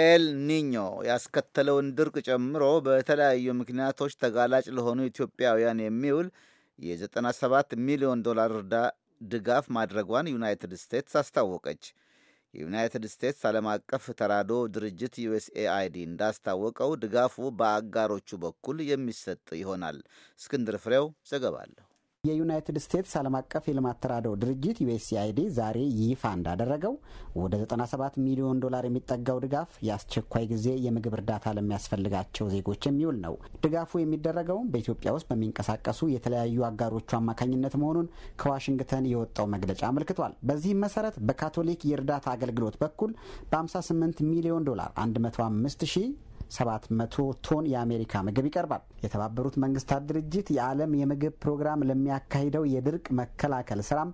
ኤል ኒኞ ያስከተለውን ድርቅ ጨምሮ በተለያዩ ምክንያቶች ተጋላጭ ለሆኑ ኢትዮጵያውያን የሚውል የ97 ሚሊዮን ዶላር ድጋፍ ማድረጓን ዩናይትድ ስቴትስ አስታወቀች። የዩናይትድ ስቴትስ ዓለም አቀፍ ተራዶ ድርጅት ዩኤስኤአይዲ እንዳስታወቀው ድጋፉ በአጋሮቹ በኩል የሚሰጥ ይሆናል። እስክንድር ፍሬው ዘገባለሁ። የዩናይትድ ስቴትስ ዓለም አቀፍ የልማት ተራድኦ ድርጅት ዩኤስኤአይዲ ዛሬ ይፋ እንዳደረገው ወደ 97 ሚሊዮን ዶላር የሚጠጋው ድጋፍ የአስቸኳይ ጊዜ የምግብ እርዳታ ለሚያስፈልጋቸው ዜጎች የሚውል ነው። ድጋፉ የሚደረገውም በኢትዮጵያ ውስጥ በሚንቀሳቀሱ የተለያዩ አጋሮቹ አማካኝነት መሆኑን ከዋሽንግተን የወጣው መግለጫ አመልክቷል። በዚህም መሰረት በካቶሊክ የእርዳታ አገልግሎት በኩል በ58 ሚሊዮን ዶላር 105 ሺህ 700 ቶን የአሜሪካ ምግብ ይቀርባል። የተባበሩት መንግስታት ድርጅት የዓለም የምግብ ፕሮግራም ለሚያካሂደው የድርቅ መከላከል ስራም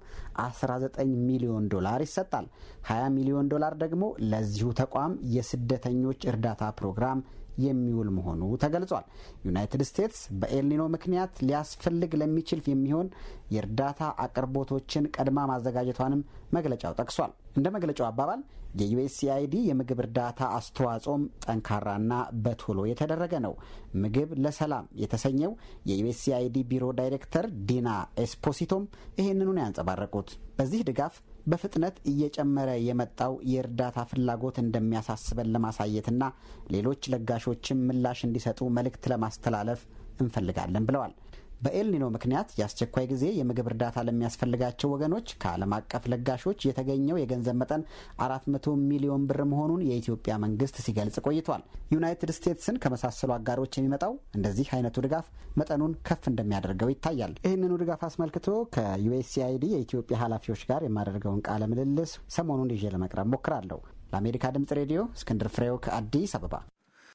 19 ሚሊዮን ዶላር ይሰጣል። 20 ሚሊዮን ዶላር ደግሞ ለዚሁ ተቋም የስደተኞች እርዳታ ፕሮግራም የሚውል መሆኑ ተገልጿል። ዩናይትድ ስቴትስ በኤልኒኖ ምክንያት ሊያስፈልግ ለሚችል የሚሆን የእርዳታ አቅርቦቶችን ቀድማ ማዘጋጀቷንም መግለጫው ጠቅሷል። እንደ መግለጫው አባባል የዩኤስኤአይዲ የምግብ እርዳታ አስተዋጽኦም ጠንካራና በቶሎ የተደረገ ነው። ምግብ ለሰላም የተሰኘው የዩኤስኤአይዲ ቢሮ ዳይሬክተር ዲና ኤስፖሲቶም ይህንኑን ያንጸባረቁት በዚህ ድጋፍ በፍጥነት እየጨመረ የመጣው የእርዳታ ፍላጎት እንደሚያሳስበን ለማሳየትና ሌሎች ለጋሾችም ምላሽ እንዲሰጡ መልእክት ለማስተላለፍ እንፈልጋለን ብለዋል። በኤልኒኖ ምክንያት የአስቸኳይ ጊዜ የምግብ እርዳታ ለሚያስፈልጋቸው ወገኖች ከዓለም አቀፍ ለጋሾች የተገኘው የገንዘብ መጠን 400 ሚሊዮን ብር መሆኑን የኢትዮጵያ መንግስት ሲገልጽ ቆይቷል። ዩናይትድ ስቴትስን ከመሳሰሉ አጋሮች የሚመጣው እንደዚህ አይነቱ ድጋፍ መጠኑን ከፍ እንደሚያደርገው ይታያል። ይህንኑ ድጋፍ አስመልክቶ ከዩኤስኤአይዲ የኢትዮጵያ ኃላፊዎች ጋር የማደርገውን ቃለ ምልልስ ሰሞኑን ይዤ ለመቅረብ ሞክራለሁ። ለአሜሪካ ድምጽ ሬዲዮ እስክንድር ፍሬው ከአዲስ አበባ